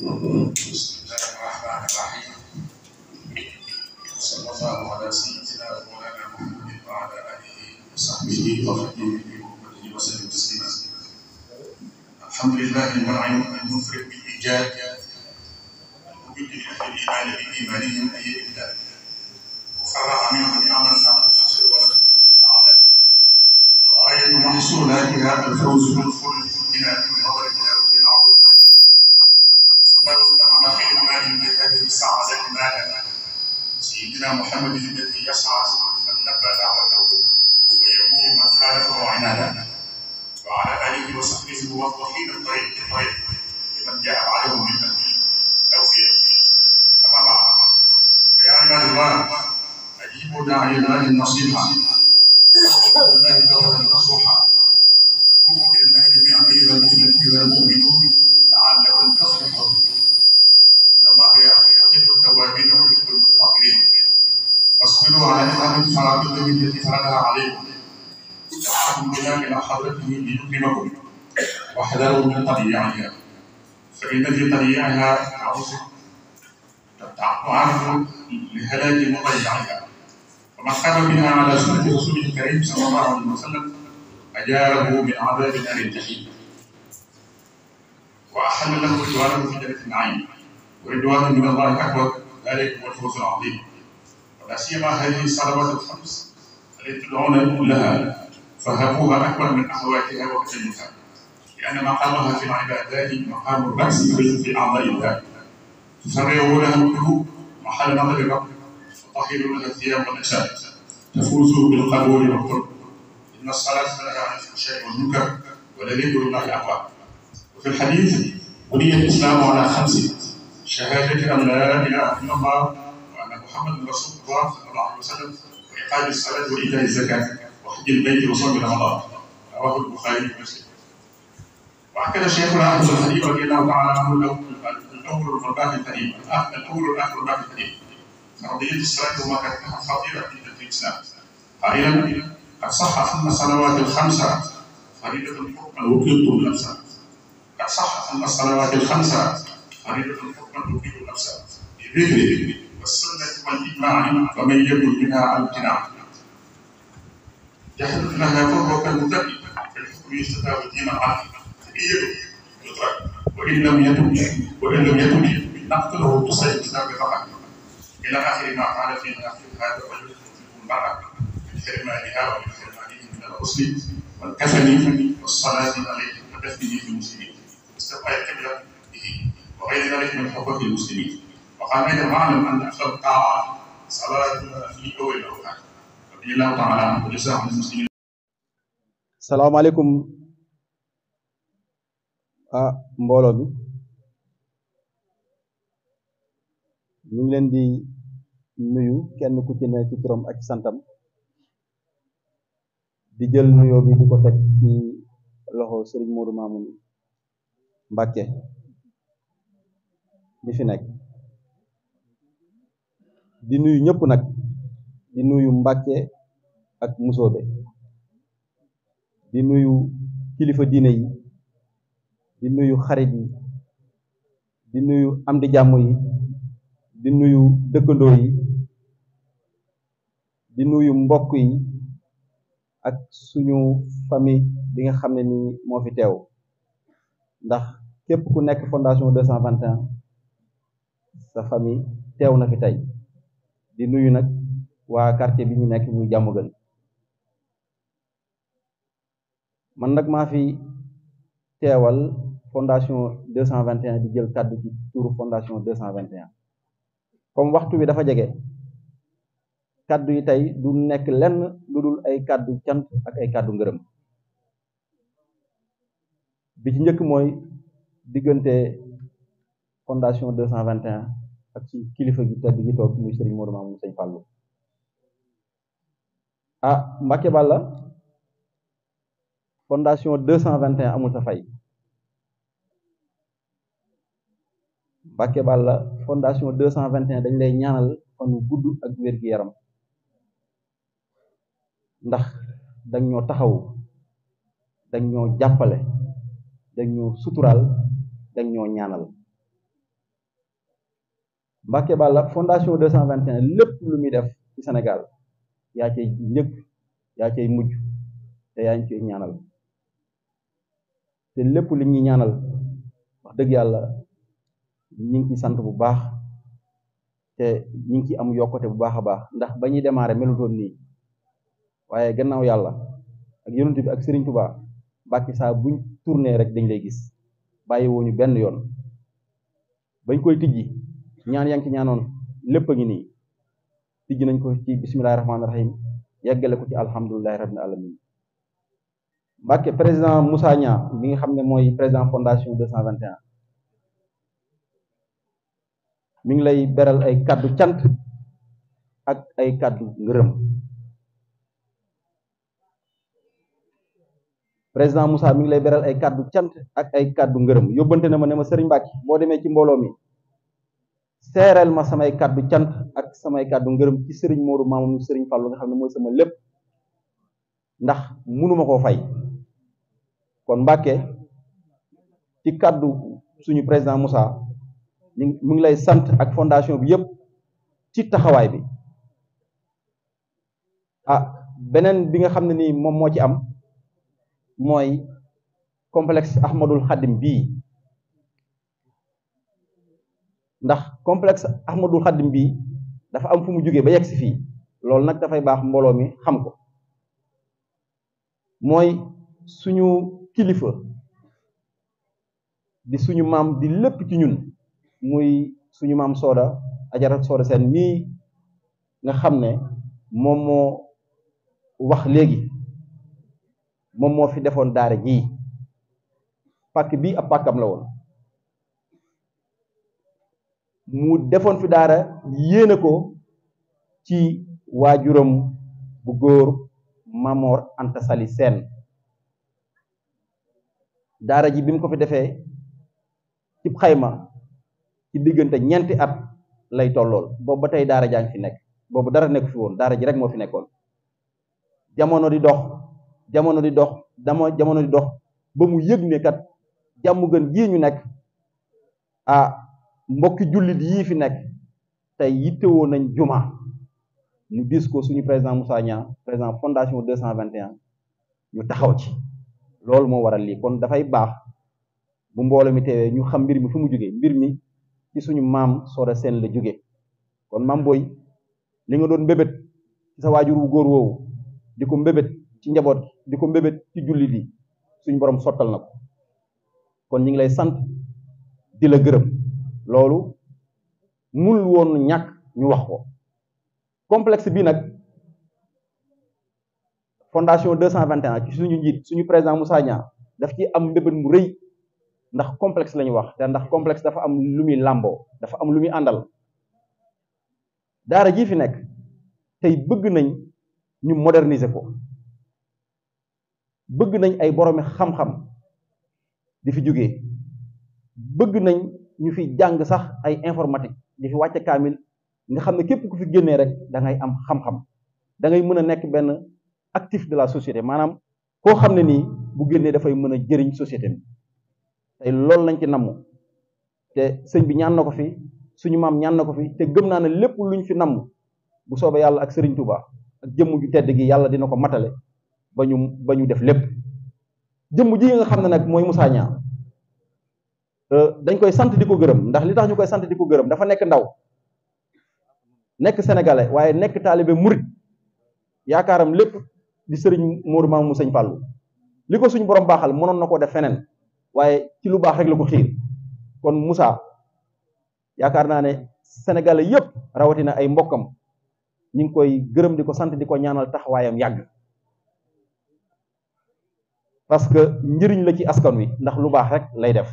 بسم الله الرحمن الرحيم صلى الله على سيدنا مولانا محمد وعلى اله وصحبه وخديمه وامته وسلم تسليما الحمد لله المنعم المفرد بالايجاد وبالنعمه الايمان بايمانهم اي بهذه السعادة مالا سيدنا محمد الذي يسعد من نبى دعوته ويكون من خالفه عنادا وعلى آله وصحبه الموضحين الطريق الطريق لمن جاء بعدهم من الدين أو في أما بعد فيا عباد الله أجيبوا داعي الله النصيحة والله جل النصوحة وتوبوا إلى الله جميعا أيها المؤمنين والمؤمنون صلوا على أهل صلاة النبي التي فرضها عليكم دعاكم بها إلى حضرته ليكرمكم واحذروا من تضييعها فإن في تضييعها تعرض لهلاك مضيعها ومن قام بها على سنة رسوله الكريم صلى الله عليه وسلم أجاره من عذاب نار الجحيم وأحل له رضوانه في جنة النعيم ورضوان من الله أكبر ذلك هو الفوز العظيم لا سيما هذه الصلوات الخمس التي تدعون لها فهموها اكبر من اخواتها وكلمتها لان مقامها في العبادات مقام الراس في اعضاء الله تفرغ لها القلوب محل نظر الرب وتطهر لها الثياب والاشياء تفوز بالقبول والقرب ان الصلاه تنهى عن الفحشاء والمنكر ولذكر الله اقوى وفي الحديث بني الاسلام على خمس شهاده ان لا اله الا الله محمد رسول الله صلى الله عليه وسلم وإقام الصلاة وإيتاء الزكاة وحج البيت وصوم رمضان رواه البخاري ومسلم وأكد شيخنا أحمد الخليل رضي الله تعالى عنه له الأول والباقي الكريم الأول والآخر والباقي الكريم فرضية الصلاة ومكانتها خطيرة في دين الإسلام قائلا قد صح أن الصلوات الخمسة فريضة حكما وكلت الأبصار قد صح أن الصلوات الخمسة فريضة حكما وكلت الأبصار بذكر والسنة والإجماع ومن يكن منها عن امتناع يحدث لها فهو كالمتقي فالحكم يستتاب ديما عنه فإن يترك وإن لم يتم وإن لم يتم نقتله تصعد بسبب فقط إلى آخر ما قال في آخر هذا ويدخل فيكم المرأة من حرمانها ومن حرمانه من الغسل والكفن والصلاة عليه ودفنه في المسلمين استبقى الكبيرة به وغير ذلك من حقوق المسلمين وقال معلم ان اكثر الطاعات ngi leen di nuyu kenn ku ci ne ci ak santam di jël nuyoo bi di ko teg ci loxo Serigne Modou Mamoun Mbacké bi fi nekk di nuyu ñëpp nag di nuyu Mbàkke ak Musoobe di nuyu kilifa diine yi di nuyu xarit yi di nuyu am di jàmm yi di nuyu dëkkandoo yi di nuyu mbokk yi ak suñu famille bi nga xam ne ni moo fi teew ndax képp ku nekk fondation 221 sa famille teew na fi tey di nuyu nag waa quartier bi ñu nekk muy jàmmu gën man nag maa fi teewal fondation 221 di jël kàddu ci turu fondation comme waxtu wi dafa jege kàddu yi tey du nekk lenn lu dul ay kàddu cant ak ay kàddu ngërëm bi ci njëkk mooy diggante fondation 221 ak ci kilifa gi tedd gi toog muy sëriñ Modou Mamoune ah, Balla fondation deux cent amul sa fay Mbacke la fondation deux cent vingt et dañ lay ñaanal fanu gudd ak wér-gu-yaram ndax dañ ñoo taxaw dañ ñoo jàppale dañ ñoo suturaal dañ ñoo ñaanal Mbacké Balla fondation 221 lépp lu muy def ci Sénégal yaa cay njëkk yaa ci mujj te yaa ngi ciy ñaanal te lépp li ñuy ñaanal wax dëgg yàlla ñu ngi sant bu baax te ñu ngi ci am yokkute bu baax a baax ndax ba ñuy démarrer melutoon nii waaye gannaaw yàlla ak yonent bi ak Serigne Touba Mbacké saa buñ tourné rek dañ lay gis bàyyi woo ñu benn yoon bañ koy tijji. ñaan yaa ngi ci ñaanoon lépp a ngi nii tijji nañ ko ci bisimilahi rahmaani rahim yeggale ko ci alhamdulilahi rabbil alamin Mbàkke président Moussa Niang mi nga xam ne mooy président fondation 221 mi ngi lay beral ay kàddu cant ak ay kàddu ngërëm président Moussa mi ngi lay beral ay kàddu cant ak ay kàddu ngërëm yóbbante na ma ne ma sëriñ Mbàkke boo demee ci mbooloo mi seereel ma samay kàddu cant ak samay kàddu ngërëm ci sëriñ Modou Mamoune sëriñ Fallou nga xam ne mooy sama lépp ndax mënuma koo fay kon Mbàkke ci kàddu suñu président Moussa mu ngi lay sant ak fondation bi yëpp ci taxawaay bi ah beneen bi nga xam ne nii moom moo ci am mooy complex Ahmadul Xadim bii ndax complexe Ahmadul Xaddim bii dafa am fu mu jógee ba yegg si fii loolu nag dafay baax mbooloo mi xam ko mooy suñu kilifa di suñu maam di lépp ci ñun muy suñu maam Sooda ajaral Sooda seen mii nga xam ne moom moo wax léegi moom moo fi defoon daara ji pàkk bii ab pàkkam la woon mu defoon fi daara yéene ko ci waajuram bu góor Mamor Anta Seen daara ji bi mu ko fi defee ci xayma ci diggante ñeenti at lay tollool boobu ba tey daara jaa ngi fi nekk boobu dara nekk fi woon daara ji rek moo fi nekkoon jamono di dox jamono di dox dama jamono di dox ba mu yëg ne kat jàmm gën gii ñu nekk ah mbokki jullit yii fi nekk tey yittewoo nañ juma ñu gis ko suñu président Moussa Niang président fondation 221 ñu taxaw ci loolu moo waral lii kon dafay baax bu mbooloo mi teewee ñu xam mbir mi fu mu jógee mbir mi ci suñu maam Sora seen la jógee kon maam booy li nga doon mbébét ci sa waajur wu góor woowu di ko mbébét ci njaboot di ko mbébét ci jullit yi suñu borom sottal na ko kon ñu ngi lay sant di la gërëm. loolu mënul woon ñàkk ñu wax ko complexe bi nag fondation 221 ci suñu njiit suñu président Moussa ñaar daf ci am mbébét mu rëy ndax complexe la ñu wax te ndax complexe dafa am lu muy làmboo dafa am lu muy àndal daara jii fi nekk tey bëgg nañ ñu moderniser ko bëgg nañ ay boroomi xam-xam di fi jógee bëgg nañ ñu fi jàng sax ay informatique di fi wàcce kaamil nga xam ne képp ku fi génnee rek da am xam-xam da mën a nekk benn actif de la société maanaam koo xam ne nii bu génnee dafay mën a jëriñ société bi tey loolu lañ ci namm te sëñ bi ñaan na ko fi suñu maam ñaan na ko fi te gëm naa ne lépp luñ fi namm bu soobee yàlla ak sëriñ Touba ak jëmm ju tedd gi yàlla dina ko matale ba ñu ba ñu def lépp jëmm ji nga xam ne nag mooy Moussa Niang Euh, dañ koy sant di ko gërëm ndax li tax ñu koy sant di ko gërëm dafa nekk ndaw nekk sénégalais waaye nekk taalibe murit yaakaaram lépp di sëriñ Mourou Mamou sëñ Fallou li ko suñ borom baaxal mënoon na koo def feneen waaye ci lu baax rek la ko xiir kon Moussa yaakaar naa ne sénégalais yépp rawatina ay mbokkam ñu ngi koy gërëm di ko sant di ko ñaanal taxawaayam yàgg parce que njëriñ la ci askan wi ndax lu baax rek lay def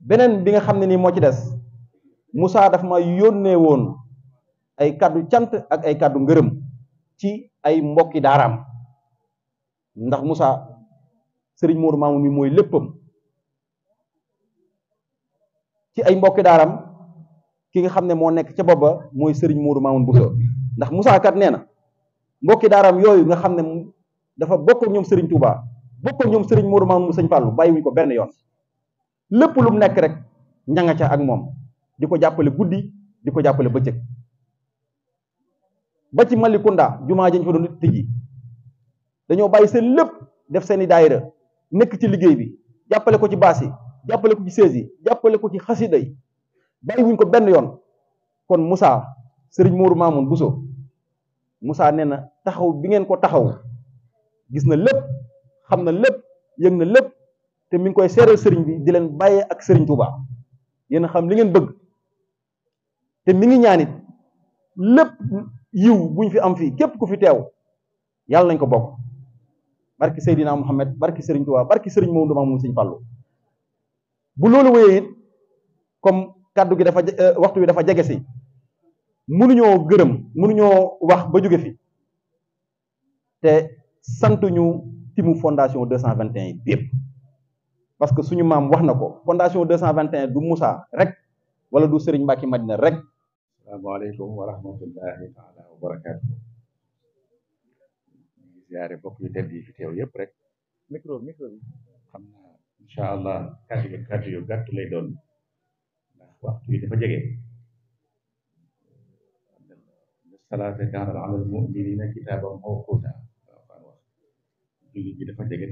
beneen bi nga xam ne nii moo ci des Moussa daf ma yónnee woon ay kàddu cant ak ay kàddu ngërëm ci ay mbokki daaraam ndax Moussa sëriñ Mourou Mamoun mi mooy léppam ci ay mbokki daaram ki nga xam ne moo nekk ca booba mooy sëriñ Mourou Mamoun Bousso ndax Moussa nee na mbokki daaram yooyu nga xam ne dafa bokk ñoom sëriñ Touba bokk ñoom sëriñ Mourou Mamoun mu sëñ Fallou bàyyiwuñ ko benn yoon lépp lu mu nekk rek ña ca ak moom di ko jàppale guddi di ko jàppale bëccëg ba ci Malicounda jumaa jañ fa doon tëji dañoo bàyyi seen lépp def seeni daayira nekk ci liggéey bi jàppale ko ci baas yi jàppale ko ci sees yi jàppale ko ci xasida yi bàyyi wuñ ko benn yoon kon Moussa Serigne Mourou Mamoun Bousso Moussa nee na taxaw bi ngeen ko taxaw gis na lépp xam na lépp yëg na lépp te mi ngi koy seeral sëriñ bi di leen bàyyee ak sëriñ Tuubaa yéen xam li ngeen bëgg te mi ngi ñaanit lépp yiw buñ fi am fii képp ku fi teew yàlla nañ ko bokk barki Seydina Muhammad barki sëriñ Tuubaa barki sëriñ moom dama moom sëriñ Fallu bu loolu wéyee it comme kàddu gi dafa euh, waxtu bi dafa jege si mënuñoo gërëm mënuñoo wax ba jóge fi te santuñu timu fondation 221 bépp parce que suñu maam wax na ko fondation du Moussa rek wala du Serigne Mbacke Madina rek. asalaamaaleykum wa rahmatullahi taala wa barakaatu. ñu ziare xam naa incha allah kàddu yu kàddu yu te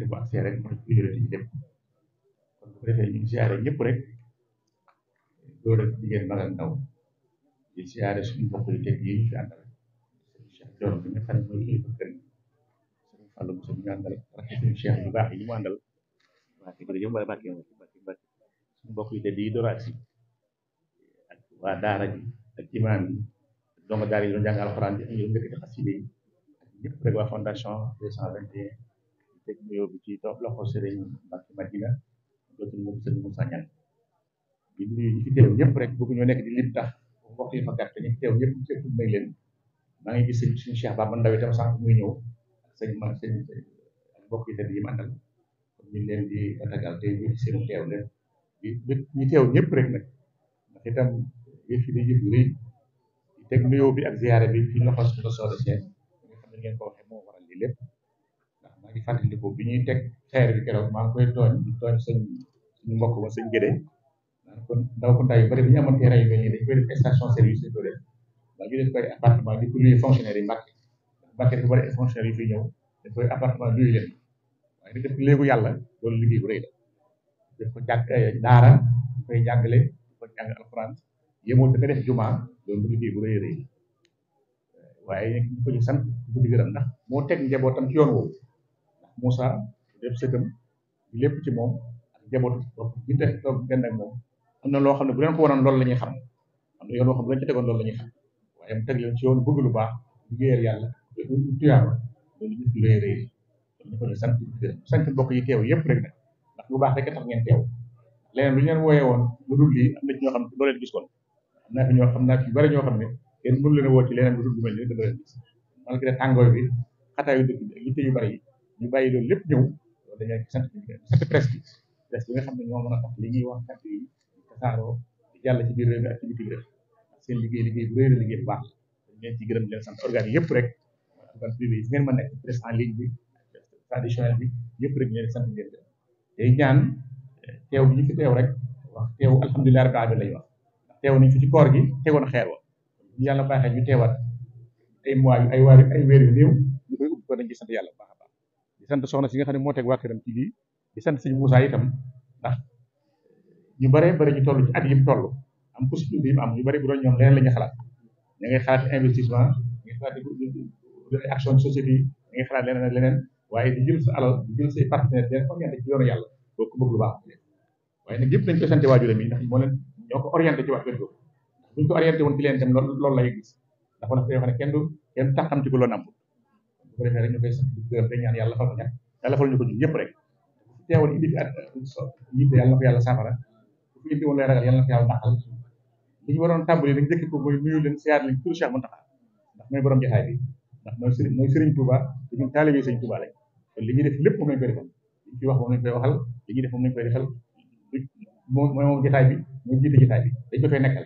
bu àggsee rek bu defee ñu ngi siyaare ñëpp rek loolu rek jigéen mag ak ndaw di siyaare yi teg yi ñu fi àndal Cheikh ji ak imaam yi ak loolu suñu moom sëñ Moussa Niane di nuyu ñi fi teew ñëpp rek bëgg nekk di lim tax waxtu yi fa gàtt ñi teew ñëpp ñëpp maa ngi gis si suñu Cheikh Baba Ndaw itam sànq muy ñëw ak ma sëñ ak mbokk yi tedd ma àndal kon ñu leen di tatagal te ñu seen teew leen di ñu teew ñëpp rek nag ndax bi ak ziyaare suñu mbokk ba sëñ Gédé kon ndaw ko ndaw yu bëri bi ñu amoon terrain yu nii dañu station service dañ ko def waaye def ko luy fonctionnaire yi koy appartement luy leen yàlla loolu liggéey bu rëy la daf ko jàng eh, daara daf koy jàngale daf ko def jumaa loolu liggéey bu rëy rëy waaye ñu ko ñu ndax moo teg njabootam ci yoon woowu ndax Moussa def sëtam lépp ci moom jabootu si bopp bi toog benn ak moom am na loo xam ne bu leen ko waroon loolu la ñuy xam am na yoon boo xam ne bu leen ci waaye mu teg leen ci yoon bëgg lu baax liggéeyal yàlla sant sant mbokk yi teew yëpp lu baax rek lu ñu leen woon lu dul lii am na ci ñoo xam naa fi ñoo xam naa fi bari ñoo xam ne kenn mënu leen woo ci leneen lu dul lu mel ni doo leen gis malgré tàngoor bi xataa yu dëkk bi ak yitte yu bari yi ñu bàyyi loolu lépp ñëw loolu presque des bi nga xam ne ñoo mën tax li ñuy wax kàddu yi tasaaroo di jàll ci biir réew mi ak ci biti seen liggéey liggéey bu réer liggéey bu baax dañ leen ci yëpp rek organe privé yi ngeen mën nekk bi yëpp rek ñu leen sant ngeen gërëm day ñaan eh, teew bi rek wax teew alhamdulilah rabbil alamin lañu wax ndax teew fi ci koor gi tegoon xeer wa ñu yàlla baaxee ñu teewaat ay mois yu ay waar ay weer yu néew ñu koy ubbi ko dañ ci sant yàlla baax a baax di sant soxna si nga xam ne moo teg waa këram ci di sant sëñ Moussa itam ndax ñu bare bari ñu toll ci at yim toll am possibilité yi mu am ñu bari bu doon ñoom leneen la ñuy xalaat ñu ngi xalaat investissement ñu ngi xalaat ay ñu ngi xalaat leneen sa alal di jël say partenaires leen orienté ci yoonu yàlla doo ko bëgg lu baax waaye nag yëpp dañ koy sant waajuram yi ndax moo leen ñoo ko orienté ci wax gën ko buñ ko orienté woon ñu ñu ko rek teewal indi fi at yii yàlla na ko yàlla saafara bu fi indi woon lay ragal yàlla na ko yàlla dàqal li ñu waroon tàmbali nag njëkk ko mooy nuyu leen siyaar leen tur Cheikh Mountakha ndax mooy borom jaxaay bi ndax mooy sëriñ mooy sëriñ Touba te ñun taalibe sëriñ Touba lañ kon li ñuy def lépp moom lañ koy defal li ñu ciy wax moom lañ koy waxal li ñuy def moom lañ koy defal moom mooy moom jotaay bi mooy jiite jotaay bi dañ ko fay nekkal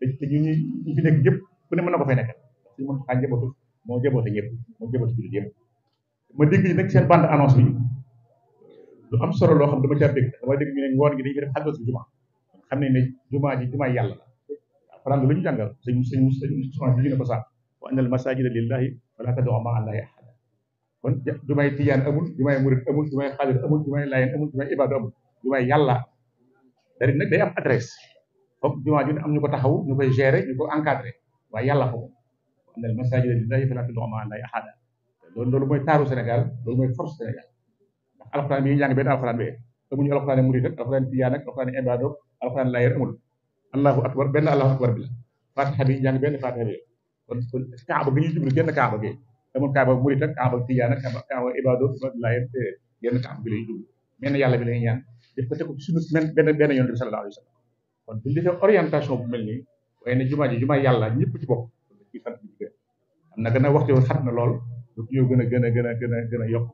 rek te ñun ñu fi nekk yëpp ku ne mën na ko fay nekkal ndax suñu Mountakha jabootu moo jaboote ñëpp moo jaboote jullit yëpp ma dégg nag seen bande annonce bi lu am solo loo xam dama caa dégg ne ngoon gi dañu fi def xadratu juma xam ne ne juma ji juma yàlla la ñu jàngal sëñ sëñ sëñ Usmaan bi ñu ne ko sax wa anna al masajida lillahi fala tad'u ma'a allahi ahada kon jumaay tijaan amul jumaay murid amul jumaay xaadir amul yàlla dari nag day am adresse foog am ñu ko taxaw ñu koy gérer ñu ko encadrer waaye yàlla ko wa anna al masajida lillahi allahi ahada loolu mooy taaru Sénégal loolu mooy force Sénégal alxuraan bi jàng benn alxuraan bee te bu ñu alxuraan murid ak alxuraan tijaan ak alxuraan ibaado alxuraan layer amul allahu akbar benn allahu akbar bi la fatiha bi jàng benn fatiha bi kon kon kaaba gi ñu jublu genn kaaba gi menn yàlla bi lay ñaan def ko tegu sunu men benn benn yonent bi wa sallam kon bu ñu ji jumaa yàlla ñëpp ci bopp ci sant bi am na gën a na lool lu ñëw gën gën a gën a gën a gën a yokk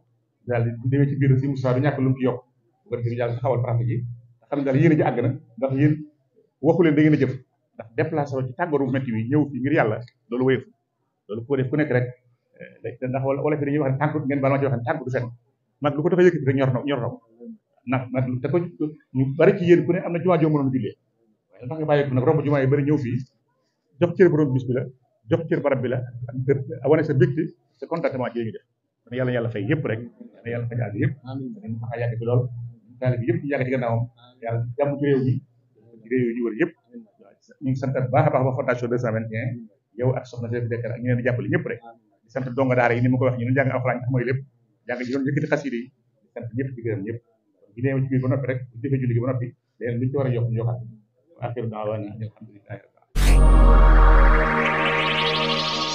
daal di bu demee ci biir si Moussa du ñàkk lu mu ci yokk bu ko defee ñu daal xam ne daal yéen a ji na ndax yéen waxu leen da ngeen a jëf ndax déplacé wu ci tàggooru métti bi ñëw fi ngir yàlla loolu wéyëf loolu ko def ku nekk rek eh, ndax wala wala fi dañuy wax ne tànk ngeen baal ma ci wax ne ko tax a yëkkati na ñor na ko nag nag te ko ñu bari ci yéen ku am na jumaa joo mënoon jullee waaye la tax nga bàyyi ko nag fii jox cër bis bi la jox cër barab bi la a wane sa bégte sa contentement ci li ñu def dana yàlla fay yëpp rek dana yàlla fay aajo yëpp dana ñu tax a yàgg yëpp ñu ñu ngi sant baax a baax ba fondation 221 yow ak soxna Seydou ñëpp rek di sant donga daara yi ni ma ko wax ñu doon jàng alxuraan mooy lépp jàng ji doon yëkkati xasida yi di sant noppi rek bu defee ba noppi léegi luñ ci a yokk ñu yokkaat akhiru